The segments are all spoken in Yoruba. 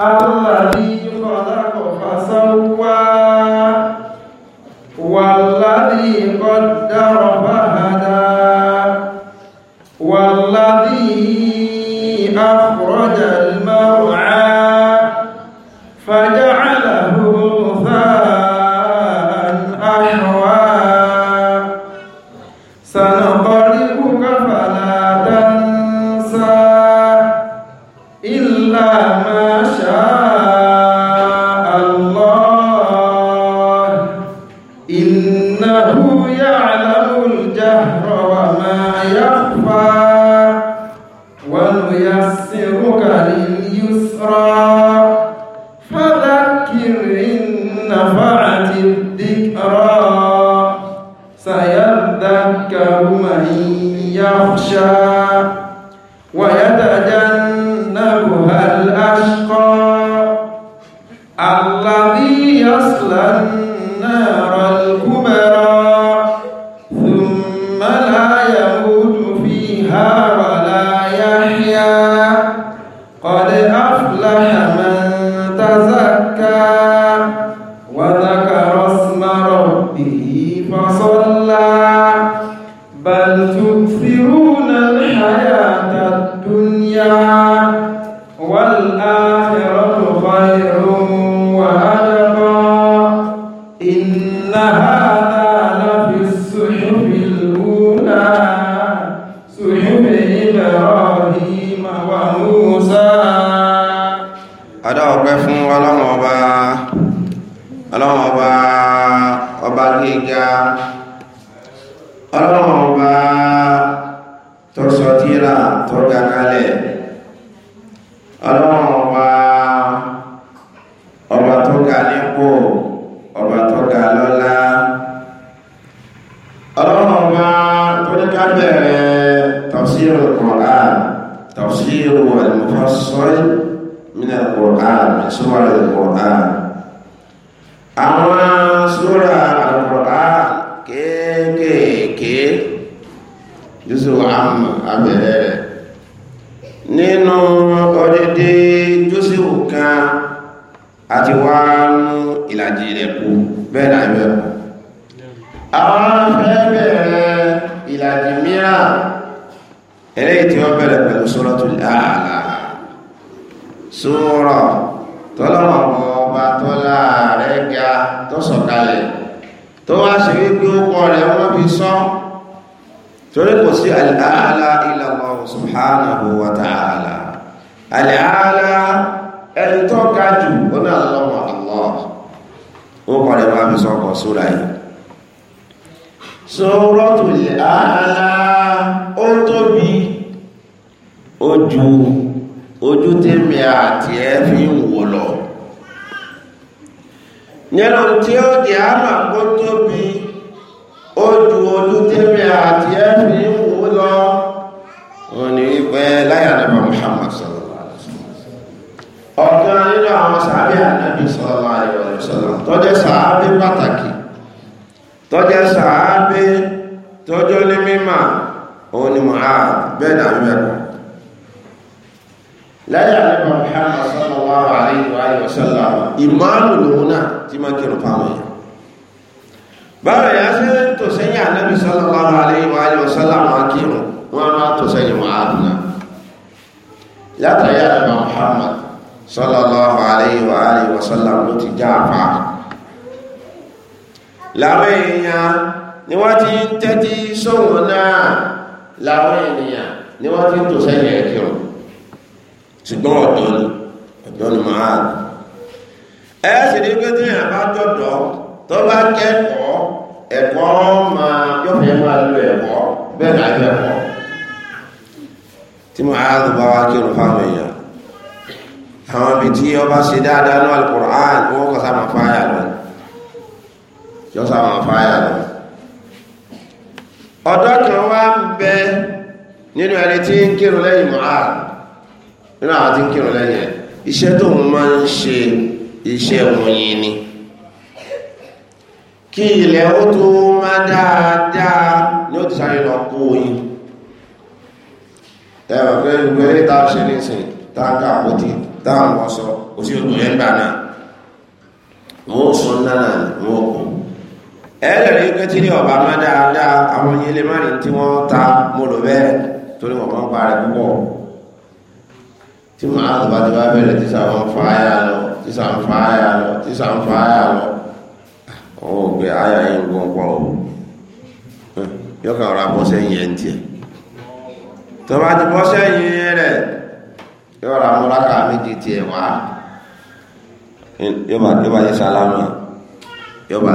الذي خلق فسوى والذي قدر فهدى والذي أخرج Suratul A'la ó tóbi ojú ojú tèmi àti a fi ń wò lọ nínú tí ó jẹ́ àmà kó tóbi ojú ojú tèmi àti ẹ fi ń wò lọ wọn ni wípé láyà nàbà Muhammad sallallahu ọ̀kan nínú àwọn pàtàkì tọ́jẹ́ sàábé tọ́jọ́ ní mímà òun ni Mu'ad bẹ́ẹ̀ náà ń bẹ̀rẹ̀ lẹ́yìn àlẹ́bà Muhammad sallallahu alayhi wa sallam ìmáàlù lòun náà tí máa kírun fáwọn èèyàn bára yà sí tó sẹ́yìn ànábì sallallahu alayhi wa sallam máa kírun wọn máa tó sẹ́yìn Mu'ad náà látàrí àlẹ́bà làwọn èèyàn ni wọ́n ti ń tẹ́tí sóhun náà làwọn ènìyàn ni wọ́n ti ń tò sẹ́yìn ẹ̀kẹ́ ọ̀ ṣùgbọ́n ọ̀dọ́ ni ọ̀dọ́ ni màá ẹ sì ní pé tíyàn bá jọ̀dọ̀ tó bá kẹ́kọ̀ọ́ ẹ̀kọ́ máa yọ̀fẹ́ máa lo ẹ̀kọ́ bẹ́ẹ̀ náà yọ ẹ̀kọ́ tí màá bá wá kírun fáwọn èèyàn àwọn ibi tí ọba ṣe dáadáa ní alukur'an wọ́n kọ́ sáà máa fáyà lọ́nà yọ sáwọn fáyà lọ ọ̀dọ́ kan wá ń bẹ nínú ẹni tí ń kírun lẹ́yìn mọ́á nínú àwọn tí ń kírun lẹ́yìn iṣẹ́ tó ń máa ń ṣe iṣẹ́ wọ̀nyí ni kí ilẹ̀ ó tó má dáadáa ní ó ti sáré lọ kó oyin ẹ̀rọ pé gbogbo ẹni tá a ṣe nísìn táǹkà àpótí táwọn ọ̀sọ̀ kò sí odò yẹn gbà náà wọ́n sọ náà wọ́n kò ẹlẹ́rìí pé tí ní ọ̀bà má dáadáa àwọn yẹn lè má rí tí wọ́n ta mo lò bẹ́ẹ̀ torí wọ́n máa ń parí púpọ̀ tí mo á lọ́ba tí wá bẹ̀rẹ̀ tí sàwọn fa ayà lọ tí sàwọn fa ayà lọ tí sàwọn fa ayà lọ ó gbé ayà yẹn gbọ́n pọ̀ o yọkà ọ̀rọ̀ abọ́sẹ̀ yẹn ń tiẹ̀ tọ́ba ti bọ́sẹ̀ yẹn rẹ̀ yọ̀rọ̀ amúláka méjì tiẹ̀ wá yọba yọba yẹ sálámà yọba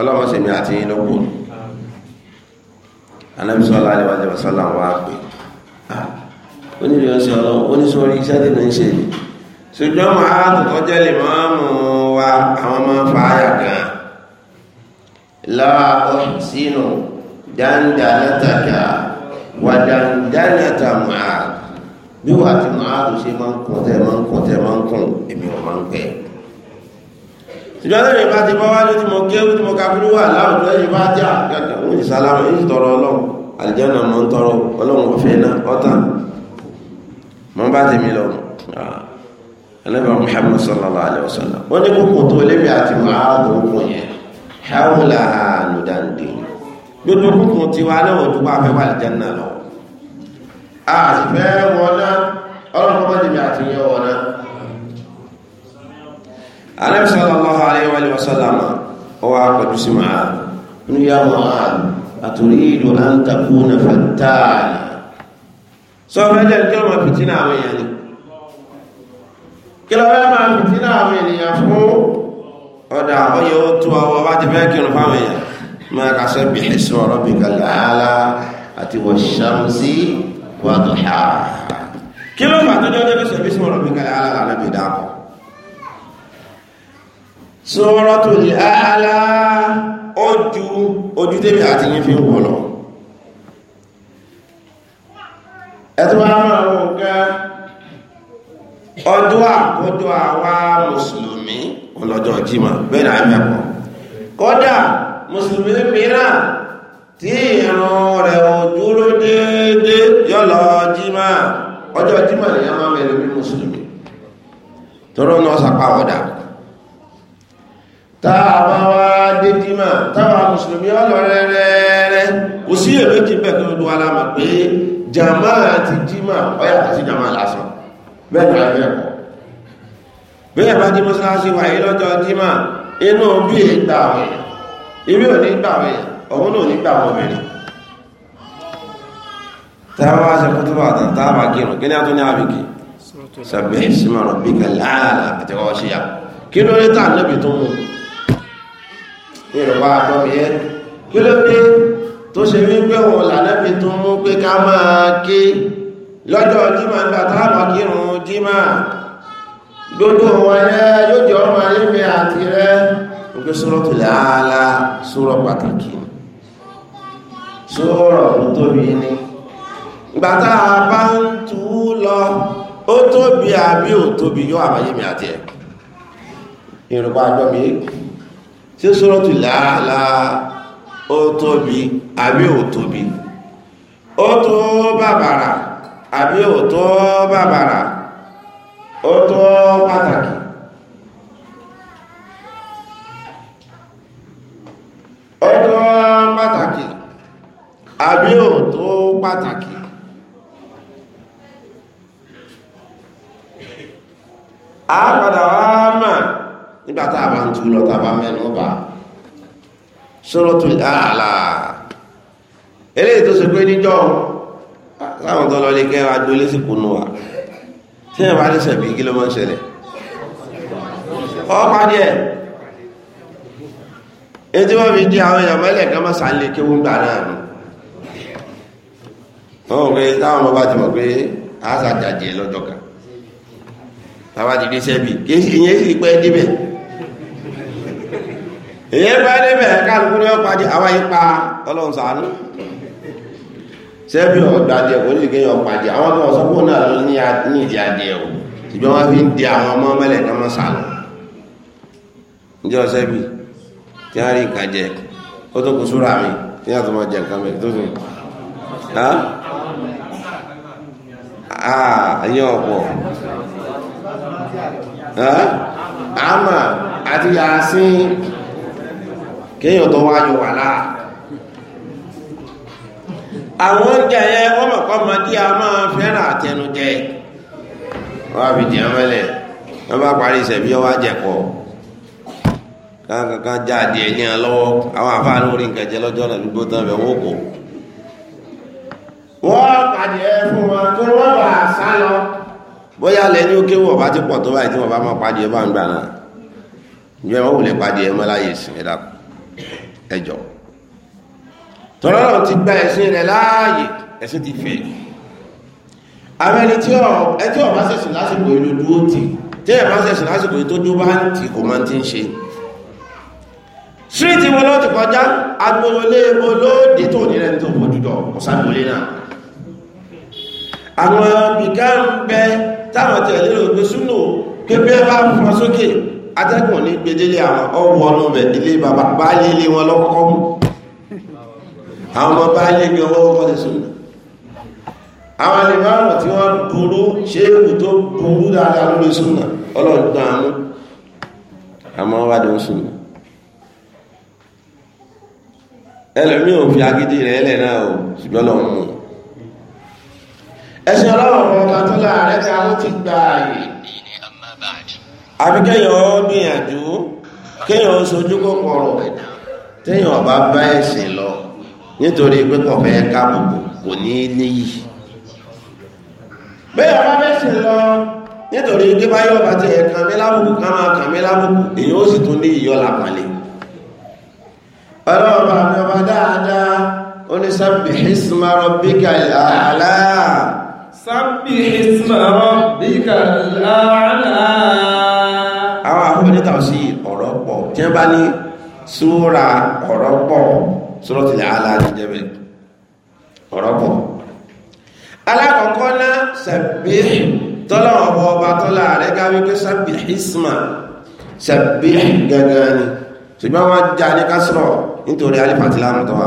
ọlọ́mọ sèmi àti yín ló kù anábì sọ́lá àdìwájú ọ̀sọ́lá wà pé onílé ọ̀sẹ̀ ọlọ́run oníṣòrí iṣẹ́ tí mi ń ṣe ni ṣùgbọ́n màá tọ̀tọ̀ jẹ́ lè máa mú wa àwọn máa ń fa àyà gan-an láàbọ̀ sínú dáńdánátàkà wà dáńdánátà màá bí wàá ti màá tó ṣe máa tẹ́ máa tẹ́ máa ń kún ń pẹ́ ìjọ lẹ́yìn bá ti bọ́ wájú tí mo kéwú tí mo kafirú wà láwùjọ yìí bá jà gàgà wọ́n ti sálámà yìí ti tọrọ ọlọ́run àlìjọ́nà mọ́ ń tọrọ ọlọ́run ọ̀fẹ́ náà ọ̀tá mọ́ bá tèmi lọ ẹlẹ́bà Muhammad sallallahu alayhi wa sallam wọ́n ní kókò tó lébi àti màálù òkun yẹn hàwùlà náà Ànábì sallallahu alayhi wa sallam ó wá pẹ̀lú sí Mu'adh inú yá Mu'adh aturidu an takuna fattaana sọ fẹ́jẹ̀ kí ló máa fìtínà àwọn èèyàn ni kí ló fẹ́ máa fìtínà àwọn èèyàn fún ọ̀dà ọyọ tó ọwọ́ bá ti fẹ́ kírun fáwọn èèyàn máa ka sabbih isma a'la àti wash-shamsi wa duhaha kí ló fà tó jọjọ́ bí sẹ́bí sí ọ̀rọ̀ mi kalẹ̀ alára Suratul A'la ojú ojú tèmi àti yín fi ń wọ̀ lọ ẹ̀tọ́ àwọn àwọn ọ̀gá ọjọ́ àkójọ àwa mùsùlùmí ọlọ́jọ́ jímọ̀ bẹ́ẹ̀ náà mẹ́kọ̀ọ́ kódà mùsùlùmí mìíràn tí ìran rẹ̀ ò dúró déédé yọ́lọ jímọ̀ ọjọ́ jímọ̀ nìyàn máa mẹ́rin mùsùlùmí tọ́rọ náà sàpáwọ̀dà tààbá wá dé dímà tàbà mùsùlùmí ọlọ́rẹ́ rẹ̀ẹ́rẹ́ kò sí èrè kí bẹ́ẹ̀ tó lọ́dún alámà pé jàmá àti dímà ọyà àti jàmá lásán bẹ́ẹ̀ náà bẹ́ẹ̀ kọ́ bẹ́ẹ̀ bá dí mọ́sálásí wà yí lọ́jọ́ dímà inú bí i gbà wẹ̀ ibi ò ní gbà wẹ̀ ọ̀hún náà ní gbà wọ̀ bẹ̀rẹ̀ tàbá ṣe kó tó bá tàn tàbá kírun kí ni a tún ní àbíkì sàbẹ̀ ìsìmọ̀ rọ̀ bí kẹlẹ́ àlà àti ọ̀ṣìyà kí ló rí ìrọ̀pá àtọ́mìyẹ́ kí ló dé tó ṣe wípé wọn lànàbí tó mú pé ká máa ké lọ́jọ́ jímà ń bàtà àmàkírùn jímà gbogbo wọn yẹ yóò jọ ọmọ ayébẹ àti rẹ gbogbo sọ̀rọ̀ tó lè ààlà sọ̀rọ̀ pàtàkì sọ̀rọ̀ tó tóbi ni gbàtà ń tú lọ ó tóbi àbí ò tóbi yóò àmàyémi àti ẹ̀ ìrọ̀pá àjọ́mi tí sọ́rọ̀tù láàlá ó tóbi àbí ò tóbi ó tó bàbàrà àbí ò tó bàbàrà ó tó pàtàkì ó tó pàtàkì àbí ò tó pàtàkì a padà nígbà tá a bá ń tu lọ tá a bá mẹ́nu bá Suratul A'la eléyìí tó ṣe pé níjọ́ láwọn tó lọ lè kẹ́ wa dúró lẹ́sìn kùnú wa tí ẹ̀ bá ní sẹ̀mí kí ló máa ń ṣẹlẹ̀ ọ̀pá díẹ̀ ètí wọ́n fi di àwọn èèyàn mẹ́lẹ̀ kan máa sàálẹ̀ kí wọ́n gbà náà nù wọ́n pé táwọn ọmọ bá ti mọ̀ pé a sàjàjì ẹ̀ lọ́jọ́ kan táwa ti dé sẹ́bi kí ìyẹn sì pẹ́ débẹ̀ èyí bá débẹ̀ kálukú ní ọ̀pá jẹ àwọn ipa ọlọ́run sàánú sẹ́bí ọ̀gbà díẹ̀ kò ní kéèyàn ọ̀pá jẹ àwọn tó wọ́n sọ pé náà ló ní ìdí adìẹ o ṣùgbọ́n wọ́n fi ń di àwọn ọmọ mẹ́lẹ̀ kan mọ́ sàánú ǹjẹ́ sẹ́bí tí a rí nǹkan jẹ ó tó kù súra mi tí a tó máa jẹ nǹkan mẹ́rin tó fi àyẹ̀ ọ̀pọ̀ àmà àti yàásín kéèyàn tó wájú wà láà àwọn oúnjẹ a máa fẹ́ràn àtẹnujẹ wọ́n á fi jẹun mẹ́lẹ̀ wọ́n bá parí ìṣẹ̀bí já adìẹ ní ọ lọ́wọ́ àwọn àfáà nǹkan jẹ náà tán pàdé fún wọn tó wọ́n bá sá lọ bóyá ti tó báyìí tí bá máa pàdé bá ń gbà náà ìjọba wò lè pàdé ẹ ẹjọ́ tọ́rọ náà ti gba ẹ̀sìn rẹ̀ láàyè ẹ̀sìn ti fẹ́ àwọn ẹni tí ọ ẹjọ́ ọba ṣẹ̀sìn lásìkò ìlú dúró tì tí ẹ̀bá ṣẹ̀sìn lásìkò ìlú tó dúró bá ń tì kò máa ti ń ṣe síríìtì wọn lọ́ọ̀tì kọjá agbololé olóòdì tó nílẹ̀ tó fojúdọ̀ ọ̀sàgbólé náà àwọn ibìkan ń bẹ táwọn tẹ̀lé rò pé súnú pé bí atẹ́gùn ní gbedele àwọn ọwọ́ ọ̀nà bẹ̀ ilé bàbá baálé ilé wọn lọ́kọ́kọ́ mú àwọn ọmọ baálé gan wọ́n kọ́ ti sùn àwọn alìmọ́ràn tí wọ́n burú ṣe èwù tó burú dáadáa lórí súnà ọlọ́dún àánú àmọ́ wádìí ń súnà ẹlẹ́mí ò fi agídí rẹ̀ ẹlẹ́ náà ò ṣùgbọ́n lọ́wọ́ mú ẹ̀sìn ọlọ́run ọ̀kan tó láàrẹ́ tí a mú ti gbà àbíkẹ́yàn gbìyànjú kéèyàn sojú kòkòrò téèyàn ọba bá ẹ̀sìn lọ nítorí pé kò fẹ́ kò ní níyì bẹ́ẹ̀ ọba bẹ́sìn lọ nítorí pé báyọ̀ bá ti lábùkù ká máa lábùkù èyàn ó sì tún ní ìyọ́ làpàlẹ̀ ọlọ́ọ̀bà mi ọba dáadáa ó ní sábì sábì tàwùsí ọ̀rọ̀ pọ̀ tí wọ́n bá ní súra ọ̀rọ̀ pọ̀ Suratul A'la ní jẹ́bẹ̀ ọ̀rọ̀ pọ̀ alákọ̀ọ́kọ́ náà sẹ̀bí tọ́lọ̀ ọ̀bọ̀ ọba tọ́lá rẹ̀ ká wípé sẹ́bí hisma sẹ̀bí gẹ́gẹ́ ni ṣùgbọ́n wọ́n já ní kásìrọ̀ nítorí alifatilamu tó wà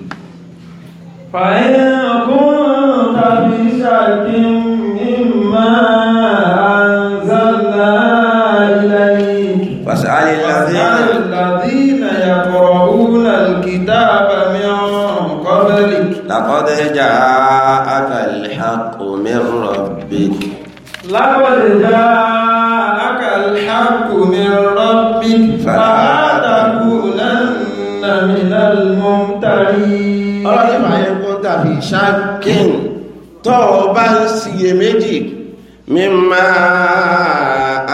فإن كنت في شك مما أنزلنا إليك فاسأل الذين يقرؤون الكتاب من قبلك لقد جاءك الحق من ربك لقد جاءك ọ̀rẹ́ màáyé kún tàbí ṣáàkín tó o bá ń ṣiyèméjì mímá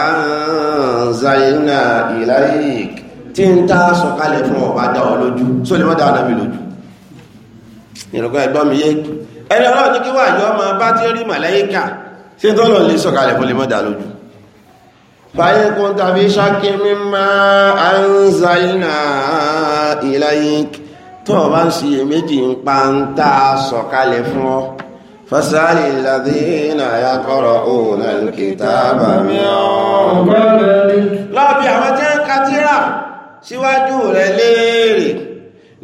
àǹzàyínà ìlàyík tí ń tá sọ̀kalẹ̀ fún ọba dá ọ lójú só lè mọ́dá ọ̀nà mi lójú ìrọ̀kọ́ ẹ̀gbọ́n mi yé ẹni ọlọ́run ní kí wà yọ ọmọ bá tí ó rí màláyíkà sí tó lọ lè sọ̀kalẹ̀ fún lè mọ́dá lójú fàyẹ kún tàbí ṣáàkín mímá àǹzàyínà ìlàyík tó o bá ń ṣiyè méjì ń pa ń tá a sọ̀kalẹ̀ fún ọ. fasali ladina yaqra'una ba min qablik. lọ́ọ̀bì àwọn tí ń ka tírà síwájú rẹ̀ léèrè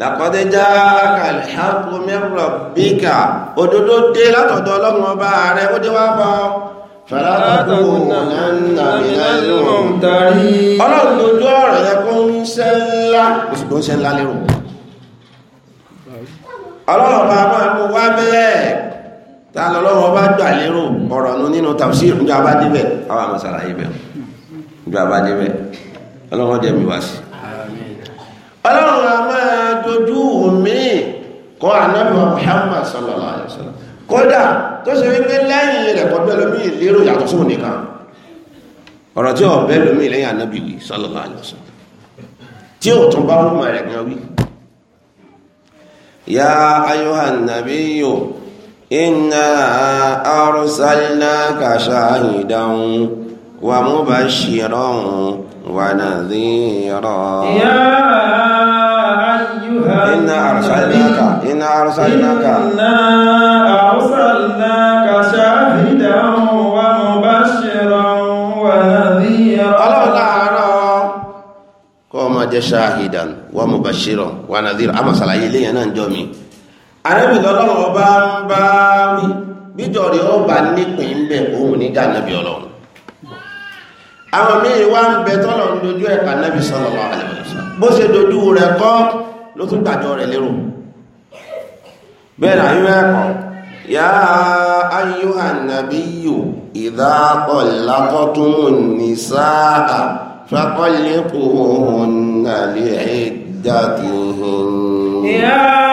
laqad ja'aka alhaqqu min rabbika òdodo dé látọ̀dọ̀ ọlọ́run ọba rẹ̀ ó dé wá bọ́ ọlọ́run lójú ọ̀rọ̀ yẹ kó ń ṣe ńlá oṣù tó ń ṣe ńlá lérò ọlọ́run bá máa kó wá bẹ́ẹ̀ tá lọ́lọ́run bá gbà lérò ọ̀rọ̀ nu nínú tafsir níjọ abá débẹ̀ àwọn àmọ́ sàlàyé bẹ̀ níjọ abá débẹ̀ ọlọ́run jẹ́ mi wá sí. ọlọ́run a máa dojú omi kọ́ anábì Muhammad sallallahu alayhi wa sallam kódà tó ṣe wípé lẹ́yìn rẹ̀ kọ́ bẹ́ẹ̀ lómi ìlérò yàtọ̀ sóhun ọ̀rọ̀ tí ọ̀bẹ́ lómi lẹ́yìn anábì wí sallallahu tí ò tún bá wọn mọ̀ gan wí يا أيها النبي إنا أرسلناك شاهدا ومبشرا ونذيرا يا أيها إنا أرسلناك إنا أرسلناك إنا أرسلناك شاهدا máa jẹ́ ṣáàhìdàn wà mọ̀ bàṣírọ̀ wà nàdírà a máa ṣàlàyé ilé yẹn náà jọ mi arẹ́bì lọ́lọ́run ọba ń bá mi bíjọ rẹ̀ ọba nípìn ń bẹ̀ òun ní gànàbí tún gbàjọ فطلقوهن لعدتهن يا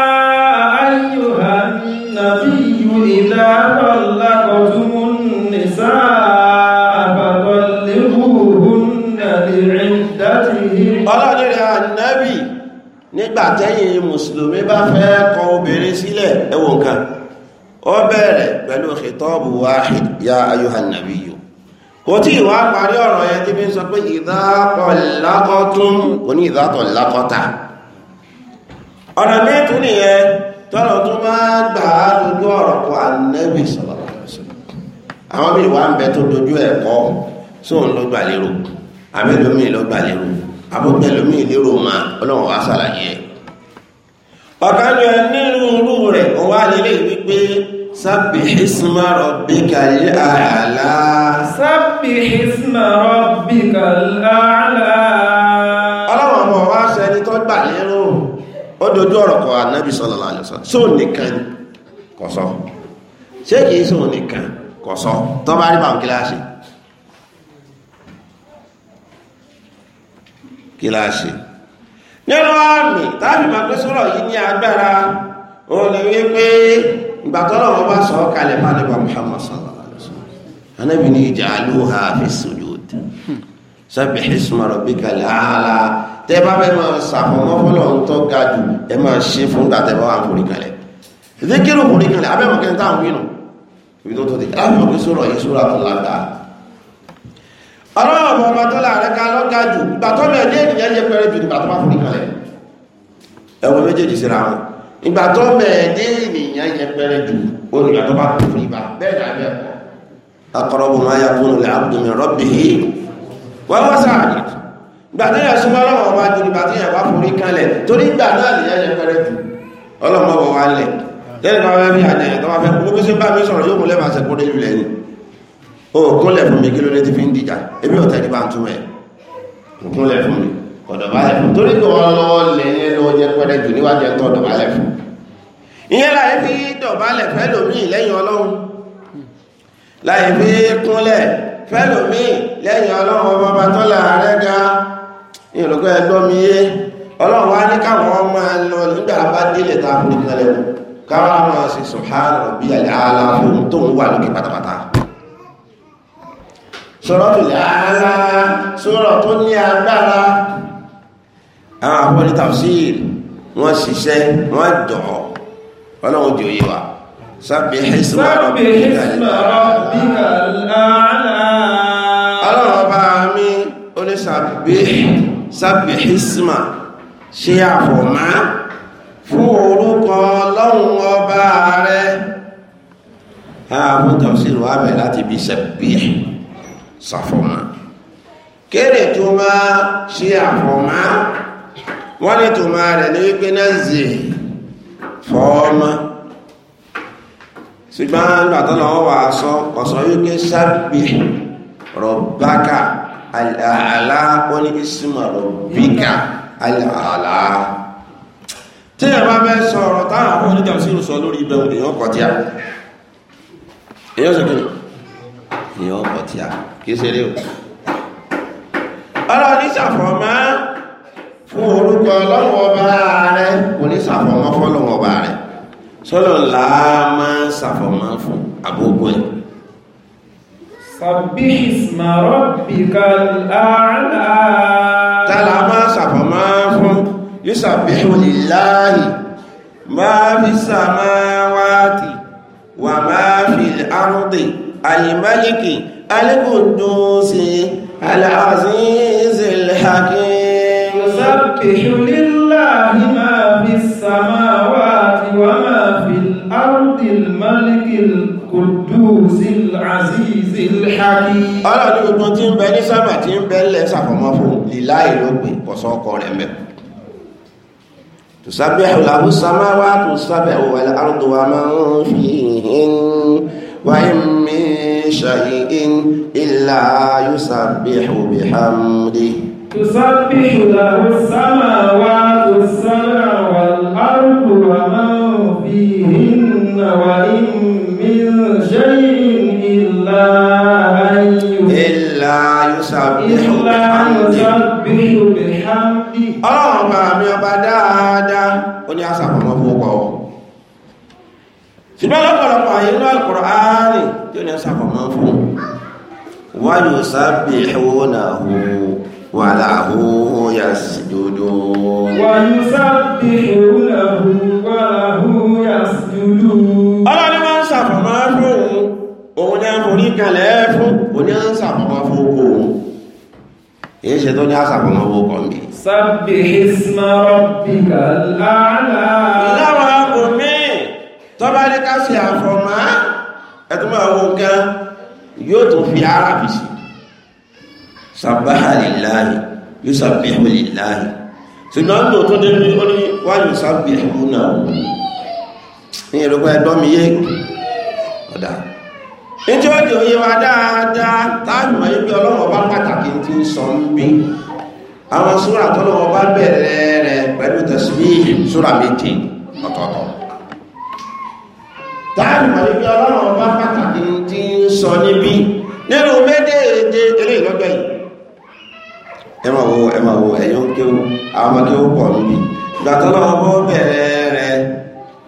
أيها النبي إذا طلقتم النساء فطلقوهن لعدتهن ọlọ́dún rẹ̀ ànábì nígbàtẹ́yìn mùsùlùmí bá fẹ́ kọ obìnrin sílẹ̀ ẹwọ nǹkan ó bẹ̀rẹ̀ pẹ̀lú khitabu wahid ya ayuhan nabi kò tí ìwà parí ọ̀rọ̀ yẹn tí bí ń sọ pé ìdákọ̀lákọ̀tún kò ní ìdákọ̀lákọ̀ta ọ̀nà mẹ́tún nìyẹn tọ́nà tó máa gbà á dojú ọ̀rọ̀ kọ ànẹ́bì sallallahu alaihi wasallam àwọn bí ìwà ń bẹ tó dojú ẹ̀kọ́ sóun ló gbà lérò abẹ́lómi ló gbà lérò سبح اسم ربك الأعلى سبح اسم ربك الأعلى ọlọ́run ọmọ wa ṣe ẹni tó gbà lérò ó dojú ọ̀rọ̀ kọ ànábì sallallahu alaihi wasallam sóò nìkan kò sọ ṣé kìí sóò nìkan kò sọ tó bá rí bàm kíláàsì kíláàsì nínú àmì tábìmọ̀ pé sọ̀rọ̀ yìí ní agbára òun ni wípé ìgbàtọ́lọ̀ wọn bá sọ kalẹ̀ fún ànábì Muhammad sallallahu alaihi wasallam ànábì ní ij'aluha fi sujud sabbih isma rabbikal a'la tẹ́ bá fẹ́ máa ṣàfọ̀mọ́ fọlọ́ ń tọ́ ga jù ẹ máa ṣe fún gbàtẹ́ bá wà forí kalẹ̀ ìdíkírù forí kalẹ̀ abẹ́mọ̀ kẹ́ táwọn wí nù ibi tó tó di láàrín òkè sórọ̀ yìí sórọ̀ tó lágbà ọlọ́run ọmọ ọmọ tó méjèèjì síra wọn ìgbà tó mẹ́ẹ̀dé ènìyàn yẹpẹrẹ jù olùgbà tó bá kú fún ìgbà bẹ́ẹ̀ ni abẹ́ ẹ̀kọ́ akọrọbù máa ya kúrò lè abdùmí rọ́bì yìí wọ́n wọ́n sáàdì ìgbà tó yẹ súnmọ́ ọlọ́wọ́ ọba jù ìgbà tó yẹ wá forí kanlẹ̀ torí ìgbà náà lè yẹ yẹpẹrẹ jù ọlọ́mọ bọ̀ wá lẹ̀ lẹ́yìn bá fẹ́ fi àjẹyẹ tó bá fẹ́ kú bí sí bá mi sọ̀rọ̀ yóò mú lẹ́màá ọ̀dọ̀bálẹ̀ fún torí pé wọ́n lọ́wọ́ lẹ̀ yẹn lọ́wọ́ jẹ́ pẹ́rẹ́ jù níwájú ẹ̀tọ́ ọ̀dọ̀bálẹ̀ fún ìyẹn láyé fi dọ̀bálẹ̀ fẹ́lòmíì lẹ́yìn ọlọ́run láyé fi kúnlẹ̀ fẹ́lòmíì lẹ́yìn ọlọ́run ọba bá tọ́lá ààrẹ ga ìrògbé ẹgbọ́ mi yé ọlọ́run wá ní káwọn ọmọ lọ nígbà bá délé ta fún ìpínlẹ̀ wọn káwọn ọmọ sì subhana rabbiyal aala sọ̀rọ̀ tó ní agbára àwọn àfọ́jú tafsir wọ́n ṣiṣẹ́ wọ́n dọ̀ ọlọ́run jò yé wa sábẹ́ hísímà ọlọ́run ọba mi ó ní sábẹ́ sábẹ́ hísímà ṣe àfọ̀má fún orúkọ ọlọ́run ọba rẹ̀ àwọn tafsir wà bẹ̀ láti bí sábẹ́ sàfọ̀má kéré tó máa ṣe àfọ̀má wọ́n ní tó máa rẹ̀ ní wípé náà zè fọ́ọ́mà ṣùgbọ́n gbàtọ́lọ́ wà sọ ọ̀sọ̀ wípé sábì rọ̀bákà àlàálá ó ní ìsìnmọ̀ rọ̀bíkà àlàálá tí ẹ bá bẹ́ sọ ọ̀rọ̀ oníjà sí ìrùsọ lórí fún orúkọ ọlọ́run ọba rẹ kò ní sàfọ̀mọ́ fọ́lọ́run ọba rẹ sọ́lọ̀ ńlá máa ń sàfọ̀mọ́ fún àbókù ẹ̀. sàbí ìsìmọ̀rọ̀ bìkà láàrínà. tálà máa sàfọ̀mọ́ fún yusabbihu lillahi máa fi samawati wà máa fi ardi alimaliki alikudusi alazizi alhakim. يسبح لله ما في السماوات وما في الأرض الملك القدوس العزيز الحكيم ọ̀rọ̀ ní ogun tí ń bẹ ní sábà tí ń bẹ lẹ́ sàfọ́mọ́ fún lílá ìlógbè pọ̀sán ọkọ rẹ̀ mẹ́ تسبح له السماوات السبع والأرض ومن فيهن وإن من شيء إلا يسبح بحمده تسبح له السماوات السبع والأرض ومن فيهن وإن من شيء إلا أن إلا يسبح بحمده ọlọ́run bá mi ọba dáadáa ó ní àṣàpamọ́ fún ọkọ̀ ọ̀ ṣùgbọ́n lọ́pọ̀lọpọ̀ àyè inú Al-Qur'ani tí ó ní àṣàpamọ́ fún wáyé sábẹ̀ ẹ̀wọ́n náà وله يسجدون ويسبحون وله يسجدون ọlọ́ni máa ń sàfàmà fún òun ní àforí kalẹ̀ fún òun ní àsàfàmà fún òkú òun èyí ṣe tó ní àsàfàmà fún òkú mi sábẹ̀ ìsìnmà rọ̀bìkà láàrá láwọn ààbò mi tó bá ní ká fi àfọ̀mà ẹ̀tùmọ̀ àwọn nǹkan yóò tó fi ara fi sí sàbáhà lìláàyè yóò sàbíhù lìláàyè ṣùgbọ́n ní òtún débi ó ní wá yóò sàbíhù náà ní ìrọ̀pá ẹ̀dọ́ mi yé ọ̀dà nítorí ọjọ́ òye wa dáadáa táàmù ayé bí ọlọ́wọ́ bá pàtàkì tí ń sọ ń bí àwọn súra tọ́lọ́wọ́ bá bẹ̀rẹ̀ rẹ̀ pẹ̀lú tẹ̀síbíhì súra méje ọ̀tọ̀ọ̀tọ̀ táàmù ayé bí ọlọ́wọ́ bá nínú méjèèjì eléyìí lọ́jọ́ yìí ẹ máa wo ẹ máa wo ẹ̀yọ́ kéwú àwọn ọmọ kéwú pọ̀ níbi ìgbà tó lọ́wọ́ bó bẹ̀rẹ̀ rẹ̀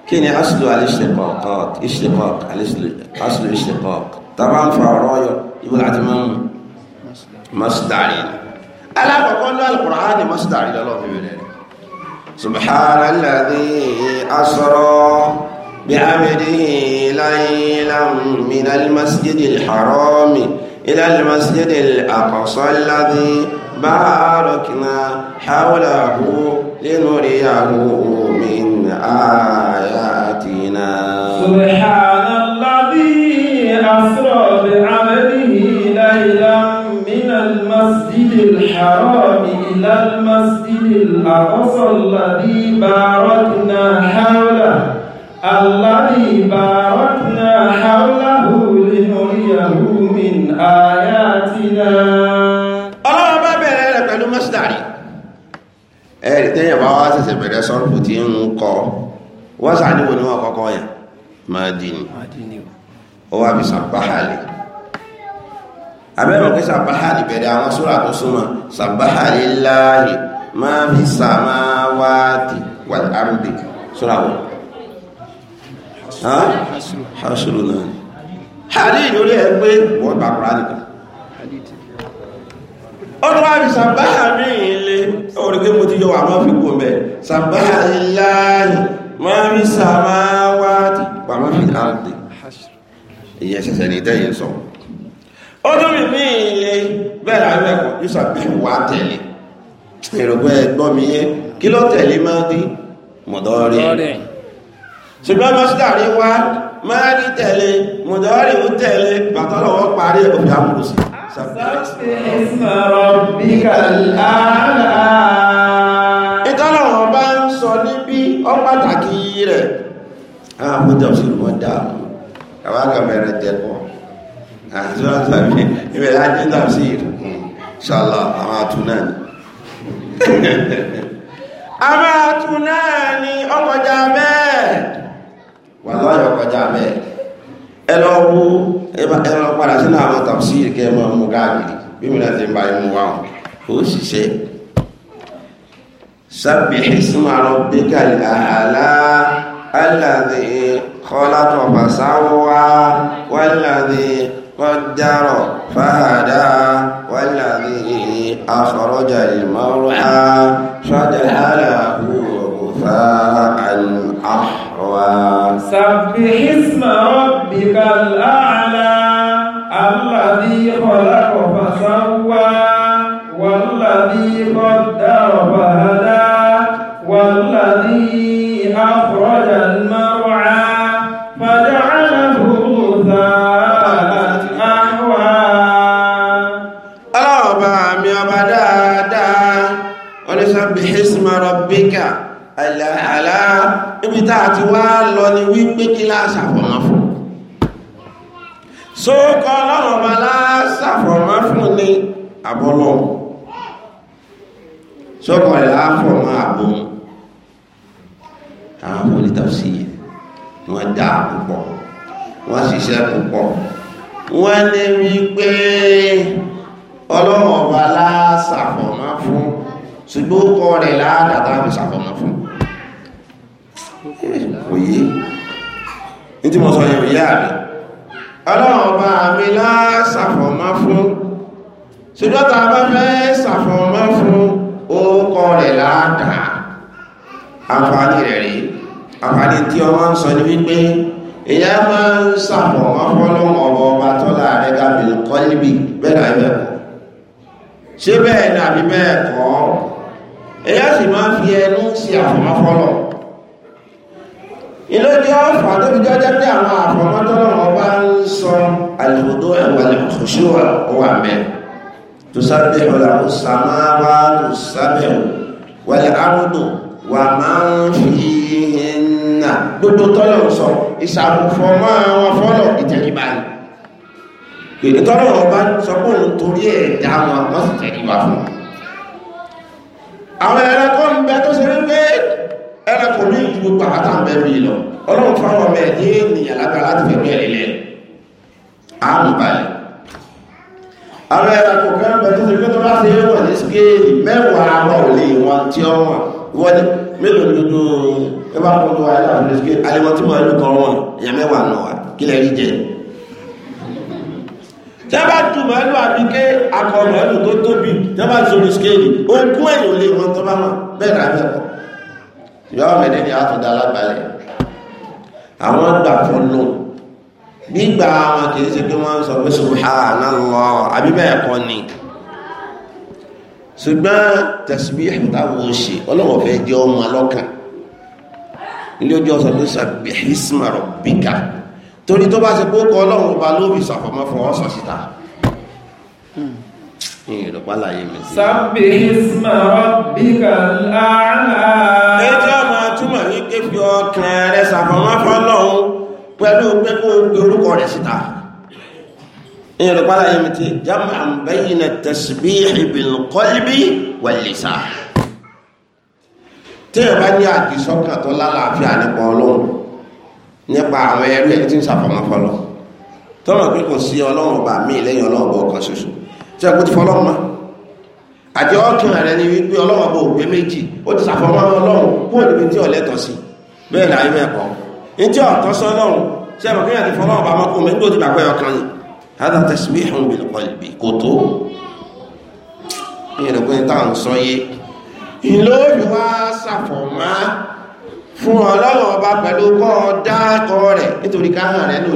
kí ni aslu al-ishtiqaq ishtiqaq aslu ishtiqaq tàbá ń fa ọ̀rọ̀ yọ ibi láti máa ń masdari alákọ̀ọ́kọ́ ló al ni masdari lọ́lọ́ fi bẹ̀rẹ̀ rẹ̀ subhanalladhi asra بعمده ليلا من المسجد الحرام إلى المسجد الأقصى الذي باركنا حوله لنريه من آياتنا سبحان الذي أسرى بعمله ليلا من المسجد الحرام إلى المسجد الأقصى الذي باركنا حوله الذي باركنا حوله لنريه من آياتنا masdari ẹ̀rì tẹ́yẹ̀ bá wá ṣẹ̀ṣẹ̀ bẹ̀rẹ̀ sọ́rùfù tí ń kọ wọ́sà níwò ní wọ́n kọ́kọ́ yẹn madini ó wà bí sàbáhálì abẹ́rùn pé sàbáhálì bẹ̀rẹ̀ àwọn sóra tó súnmọ́ sàbáhálì láàyè máa fi sàmáwáàtì wà lárúbì sóra wọn ha náà hàrí ìlú rẹ̀ wọ́n bá kúrò nìkan ọdún wá fi sàbáhà ní ilé orí pé mo ti yọ wà máa fi kò mẹ́ sàbáhà láàyè máa fi sàmáwáàdì wà máa fi àdì ìyẹn ṣẹ̀ṣẹ̀ ní tẹ́yìn sọ mi ní ilé bẹ́ẹ̀ láàrín ẹ̀kọ́ yóò sàbẹ̀wò wá tẹ̀lé èrògbẹ́ ẹgbọ́n mi yé kí ló tẹ̀lé máa dí mọ̀dọ́rí ṣùgbọ́n mọ́sítàrí wá máa rí tẹ̀lé mọ̀dọ́rí ó tẹ̀lé bàtọ́lọ́wọ́ parí òfin àmúrùsí ìtọ́lọ̀wọ̀n bá ń sọ níbi ọ pàtàkì rẹ̀ ah, àwọn sí ah, wọ́n dáàmù hmm, àwọn agàmẹ̀rẹ̀ jẹ́pọ̀ àti sí ṣàlá àwọn àtúnà ni àwọn àtúnà ẹran padà sínú àwọn tàbí kẹ mọ mú káàkiri bí mi náà ti ń bá yín mú wa hàn ó ṣiṣẹ́ sábẹ̀ ìsúnmọ́ rabbika al-a'la alladhi khalaqa fasawwa walladhi qaddara fahada walladhi akhraja al-mar'a faja'alahu ghufa'an ahwa wá. sàbíhísmà rabbika al-a'la alladhi khalaqa fasawwa walladhi qaddara fahada walladhi akhraja al-mar'a faja'alahu ghutha'an ahwa. ọlọ́ọ̀bá mi ọba dáadáa oníṣàbíhísmà rabbika al-a'la ibi tá a ti wá lọ ni wípé kí láṣàfọ̀mọ́ fún sókọ ọlọ́run ọba láṣàfọ̀mọ́ fún ni àbọ́lọ́ sókọ rẹ̀ láfọ̀mọ́ àbò àwọn onítàfsí wọ́n dá púpọ̀ wọ́n ṣiṣẹ́ púpọ̀ wọ́n ní wípé ọlọ́run ọba láṣàfọ̀mọ́ fún ṣùgbọ́n ó kọ́ rẹ̀ láàdàtà fi ṣàfọ̀mọ́ fún ní tí mo sọ yẹn ìyá mi ọlọ́run ọba mi lásàfọ̀mọ́ fún ṣùgbọ́n tá a bá fẹ́ sàfọ̀mọ́ fún orúkọ rẹ̀ ládàá àǹfààní rẹ̀ rí àǹfààní tí ọmọ ń sọ ní wípé èyí á máa ń sàfọ̀mọ́ fọ́lọ́run ọba ọba tọ́lá rẹ̀ gàbí kọ́líbì bẹ́ẹ̀ náà bẹ́ẹ̀ kọ́ ṣé bẹ́ẹ̀ náà bí bẹ́ẹ̀ kọ́ èyí á sì máa fi ẹnu ṣe àfọ̀mọ́ fọ́lọ́run ìlọ́jọ́ fàtọ́bíjọ́ jẹ́ pé àwọn àfọmọ́tọ́lọ́run ọba ń sọ àlùkòdó ẹ̀wà lẹ́kọ̀ọ́ṣù ọwà mẹ́ tó sábẹ́ ọ̀là ó sàmáwá tó sábẹ́ wàlẹ̀ àrùndùn wà máa ń fi hìnnà gbogbo tọ́lọ̀ sọ ìṣàmùfọ́mọ́ àwọn fọ́lọ̀ ìtẹ̀lébà ni pèlú tọ́lọ̀ ọba sọ pé òun torí ẹ̀dá wọn wọ́n sì tẹ̀lébà fún àwọn ẹ̀rọ kọ́ ń bẹ tó ṣe wípé ẹnì kò ní ìdúró pa àtàǹbẹ̀ mi lọ ọlọ́run fún àwọn ọmọ ẹ̀ ní ènìyàn lágbára láti fẹ́ bẹ́ẹ̀ lẹ̀ àrùn balẹ̀ àwọn ẹ̀rọ kò kẹ́rẹ́ pẹ̀lú sí pé tó bá ṣe wọ̀ ní skéèlì mẹ́wàá wọn ò lè wọn tí ó wọn wọ́n mélòó ní ojú ẹ bá kó tó wáyé láti ní skéèlì aliwọ́ tí mo ẹnu kan wọn ìyẹn mẹ́wàá nù wá kí lè rí jẹ tẹ́bá tu màálù àbíké akọ màálù tó tóbi tẹ́bá sọ̀rọ̀ skéèlì ogún ẹ̀yìn ò wọn tó bá wọn bẹ́ẹ̀ náà bẹ́ẹ̀ ìjọba mẹ́rin ni àtúndà alábàálẹ̀ àwọn gbà fún lò gbígbà wọn kì í ṣe pé wọ́n sọ pé subhanallah àbí bẹ́ẹ̀ kọ́ ni ṣùgbọ́n tasbih táwọn ṣe ọlọ́wọ́ fẹ́ jẹ́ ọmọ alọ́kàn ilé ojú ọsọ tó sabbih isma rabbika torí tó bá ṣe pé kọ ọlọ́run ọba ló fi ṣàfọ̀mọ́ fún sọ síta ní ìrọ̀pá láyé mi sí. sábẹ̀ isma rabbika al-a'la. ẹjọ́ máa túmọ̀ ní kéfì ọkàn rẹ̀ ṣàfọ̀mọ́fọ́ lọ́hún pẹ̀lú pẹ́kú orúkọ rẹ̀ síta ní ìrọ̀pá láyé mi ti jam'an bayna tasbihi bil qalbi wal lisan téèyàn bá ní àdìsọ́kàn tó lálàáfíà nípa ọlọ́run nípa àwọn ẹrú ẹ̀ tí ń ṣàfọ̀mọ́fọ́ lọ tọ́rọ̀ pé kò sí ọlọ́run ọba míì lẹ́yìn ọlọ́run ọba ọ̀kan ṣoṣo tí ẹkùn ti fọlọ́run mọ́ àti ọkàn rẹ ni wípé ọlọ́run bò gbé méjì ó ti sàfọmọ́ ọlọ́run kó o níbi tí ò lẹ́tọ̀ sí bẹ́ẹ̀ láyé mẹ́kọ̀ ní tí ọ̀tọ́ sí ọlọ́run tí ẹ̀mọ̀ kéèyàn ti fọlọ́run bá mọ́kù mi nígbò ti gbà pé ọkàn ni hádà tẹ̀síwé hàn bí lọ́pọ̀lẹ́bí kò tó ní ìrìn pé táà ń sọ yé ìlóòrì wá sàfọ̀mọ́ fún ọlọ́run ọba pẹ̀lú kọ́ ọ dákọ rẹ̀ nítorí káhàn rẹ̀ ní ò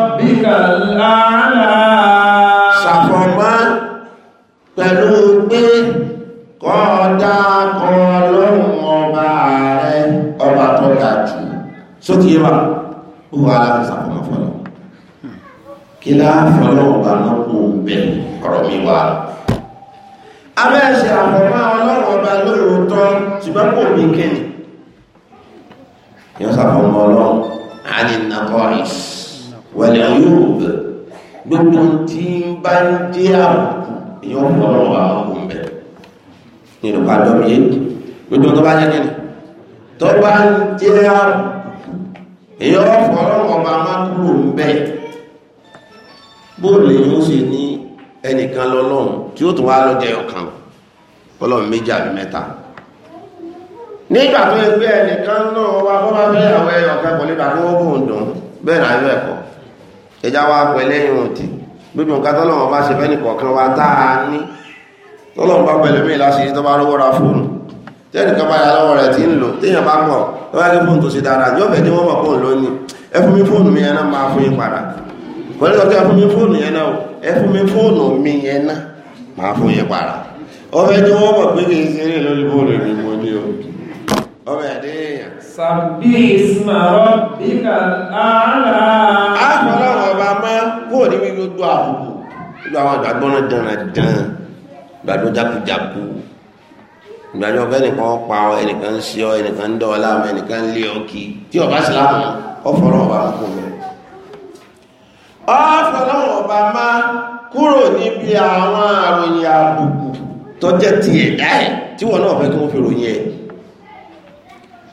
Ṣàfọ̀mọ́ pẹ̀lú pé kọ́ọ̀dá kan lọ́rùn ọba rẹ ọba tó ga jù. Sókè yíwa, ó wà láti ṣàfọ̀mọ́ fọ́lọ̀. Kí láàfọ́lọ́ ọba náà kò bẹ̀rù ọ̀rọ̀ mi wà. Abẹ́ẹ̀ṣẹ̀ wàlẹ̀ ayúbù gbogbo tí ń bá ń jẹ́ àbùkù èèyàn ń bọ̀rọ̀ wà áwọ̀ ń bẹ̀ ní ìrùpá dọ́bí yé gbogbo tó bá jẹ́ kí ni tó bá ń jẹ́ àbùkù èèyàn ń bọ̀rọ̀ ọba má kúrò ń bẹ̀ bóòlù yóò sì ní ẹnìkan lọ́lọ́run tí ó tún wá lọ́jẹ́ ọ̀kan ọlọ́run méjì àbí mẹ́ta nígbà tó ẹgbẹ́ ẹnìkan náà wá bọ́ bá fẹ́ àwọn ẹyọ̀kan kò lè bá kí wọ́n bóun dùn bẹ́ẹ̀ náà yọ ẹ̀kọ́ ẹjá wa pẹ̀lẹ́ ìrùn tí gbogbo nǹkan tọ́lọ́wọ́ bá ṣe fẹ́ni kọ̀ọ̀kan wa tá a ní tọ́lọ́wọ́ bá pẹ̀lú mi láti ṣe tó bá rówó ra fóònù tẹ́nì kan bá ya lọ́wọ́ rẹ̀ tí ń lò téèyàn bá pọ̀ tó bá ní fóònù tó ṣe dára yóò fẹ́ ní wọ́n mọ̀ fóònù lónìí ẹ fún mi fóònù mi yẹn náà máa fún yín padà pẹ̀lú ọ̀kẹ́ ẹ fún mi fóònù yẹn náà ẹ fún mi fóònù mi yẹn náà máa fún yín padà ọfẹ́ ní wọ́n mọ̀ pé kì í ṣeré lórí fóònù mi mo ní o ọmọ ẹ̀dẹ́ Àfọlọ́wọ́ ọba máa kúrò níbi gbogbo àbùkù, gbogbo àwọn àgbàgbọ́ náà dánadán, gbàgbọ́ jákujàku. Ìgbàjọ́ ọ̀fẹ́ nìkan pa ọ, ẹnìkan ń ṣe ọ, ẹnìkan ń dọ́ọ̀lá ọ, ẹnìkan ń lé ọkì. Tí ọba sì láwọn, ọfọlọ́wọ́ ọba máa kúrò. Ọfọlọ́wọ́ ọba máa kúrò níbi àwọn àròyìn àbùkù tó jẹ́ ti ẹ̀dá ẹ̀ tí wọ́n náà fẹ́ kí wọ́n fi ròyìn ẹ̀.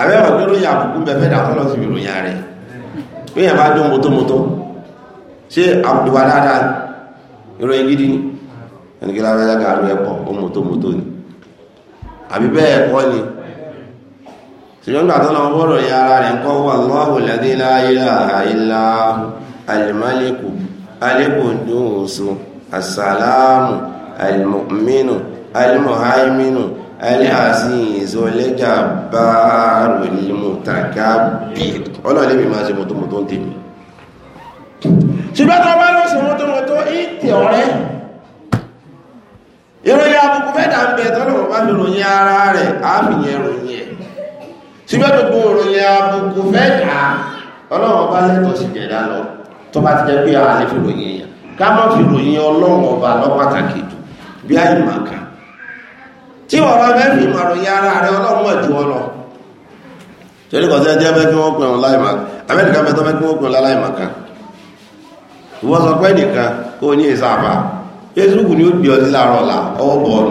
àbẹ́rọ̀ pé ròyìn àbùkù bẹ̀fẹ́ dàtọ́lọ́ sí ìròyìn rẹ̀ pé yẹn bá dún mọ́tòmọ́tò ṣé àbùdùwà dáadáa ìròyìn gidi ni ẹnikẹ́ lára ẹ̀dá gàrú ẹ̀pọ̀ ó mọ́tòmọ́tò ni àbí gbà tọ́lọ́ bọ́rọ̀ yẹn ara rẹ̀ kọ́ wà Allahu alladhi la ilaha illa al-maliku al-quddus as-salamu alhaziz olẹ́gàbáàrò lmutakabir ọlọ́ọ̀lẹ́ mi máa ṣe mọ́tòmọ́tò ń tèmi ṣùgbọ́n tó bá lọ sí mọ́tòmọ́tò ìtẹ̀ ọ̀rẹ́ ìròyìn àbùkù fẹ́ dà ń bẹ tọ́lọ̀ bá fi ròyìn ara rẹ̀ àmìyàn ròyìn ẹ̀ ṣùgbọ́n gbogbo ròyìn àbùkù fẹ́ dà ọlọ́run bá lẹ́tọ̀ọ́ tí ọ̀rọ̀ abẹ́fì ìmọ̀ràn ya ara rẹ ọlọ́mọ̀ jù ọ lọ torí kọ̀ sí ẹjẹ́ abẹ́ kí wọ́n pè wọn láìmọ̀ amẹ́ríkà bẹ́ẹ̀ tó wọ́n pè wọn láìmọ̀ sọ pé nìkan kó o ní èsà facebook ni ó di láàárọ̀ ọwọ́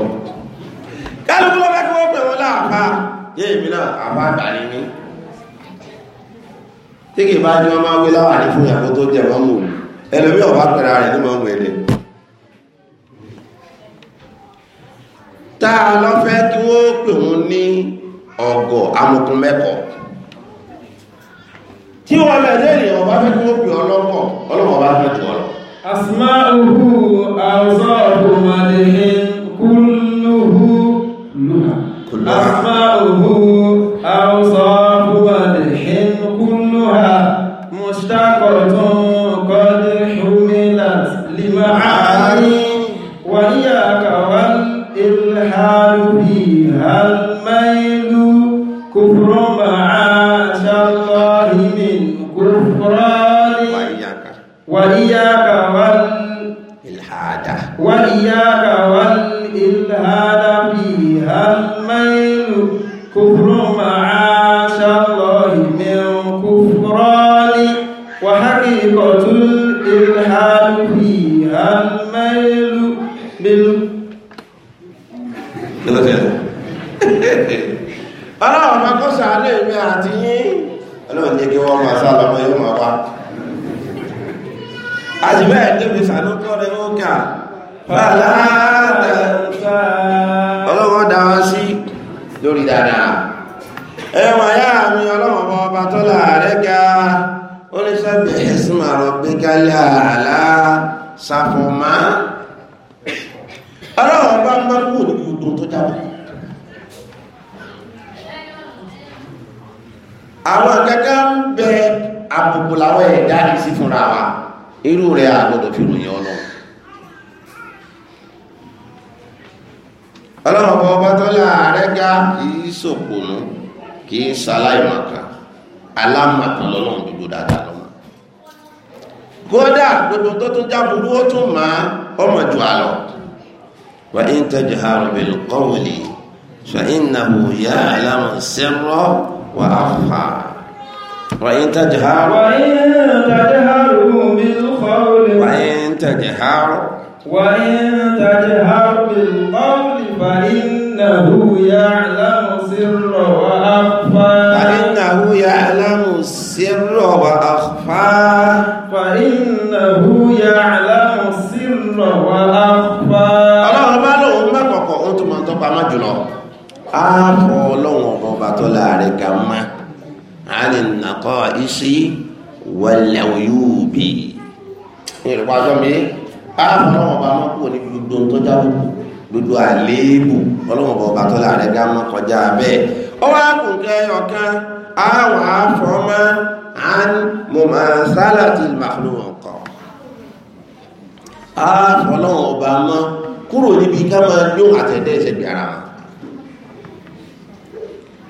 kálukú ló wọ́n yé èmi náà àbá ní tí kì í bá wọn máa wé fún ìyàwó tó wọn tá a lọ fẹ́ kí wọ́n pè wọ́n ní ọ̀gọ̀ amukun mẹ́kọ̀ọ́ tí wọ́n mẹ́jẹ́ ènìyàn bá fẹ́ kí wọ́n pè ọlọ́pọ̀ ọlọ́pọ̀ bá fẹ́ jù ọlọ́ asma'uhu almaylu kufrun وإن تجهر بالقول فإنه يعلم السر وأخفى وإن تجهر وإن تجهر بالقول وإن تجهر وإن تجهر بالقول فإنه يعلم السر وأخفى فإنه يعلم السر وأخفى á kọ ọlọ́run ọba ọba tó láàrin ga má á lè nàkọ́ iṣẹ́ wẹ̀lẹ̀ yóò bì í. ìrìnwá ọjọ́ mi á kọ ọlọ́run ọba má kúrò ní gbogbo tó jáwé gbogbo àléébù ọlọ́run ọba ọba tó láàrin ga má kọjá bẹ́ẹ̀. ó wá kùn kẹ́ ọ̀kan á wà á fọ́ máa sálàtì màlúù ọ̀kan á kọ ọba mọ́ kúrò níbi ká máa yún àtẹ̀dẹ́ ẹsẹ̀ wọn.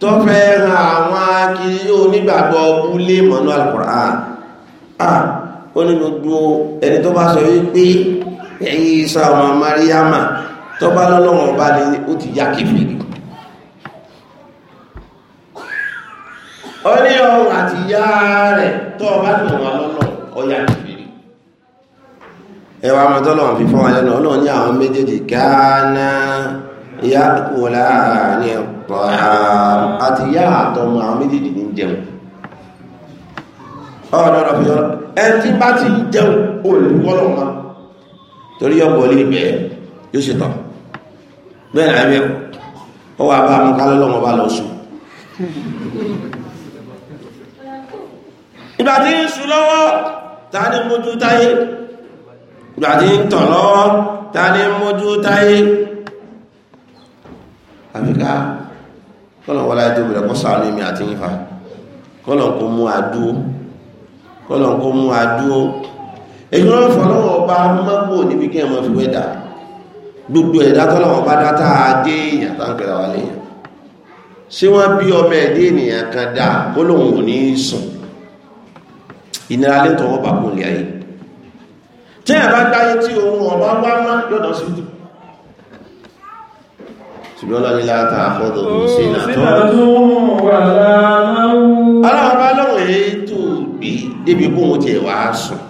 tó fẹ́ àwọn akiri nígbàgbọ́ búlé mọ̀nú Al-Qur'an ó ní gbogbo ẹni tó bá sọ wípé Ìsá ọmọ Mariama tó bá lọ́lọ́wọ́n bá lè ó ti ya kìfìrí ó ní ọrùn àti yá rẹ̀ tó bá lè wà ẹwà yàkùlá ní pààm àti yá àtọmọ àwọn méjèèjì ní jẹun ọ̀nà ọ̀nà fi ọ̀nà ẹtí bá ti jẹun ó lè wọ́lọ̀ ma torí ọ̀pọ̀ lè bẹ̀ yóò ṣe tán bẹ́ẹ̀ náà bẹ́ẹ̀ ó wà bá mú kálọ́ lọ́mọ bá lọ sùn ìgbà tí àfikà kọ́lọ̀ wọ́n láyé tó bẹ̀rẹ̀ kọ́ sàánú mi àti yín fa kọ́lọ̀ kó mú adúó kọ́lọ̀ kó mú adúó èyí wọ́n fọ́ lọ́wọ́ ọba mọ́gbò níbi kí ẹ mọ́ fi wẹ́dà gbogbo ẹ̀dá tọ́lọ̀ ọba dátà adé èèyàn tá ń pẹ̀lá wà léèyàn ṣé wọ́n bí ọmọ ẹ̀dẹ́ ènìyàn kan dá ó ṣùgbọ́n lọ́ní láta àfọ́dọ̀ sínà tó oh, ọlọ́run bá lọ́wọ́ èyí tó gbé débi bóun ti ẹ̀wà sùn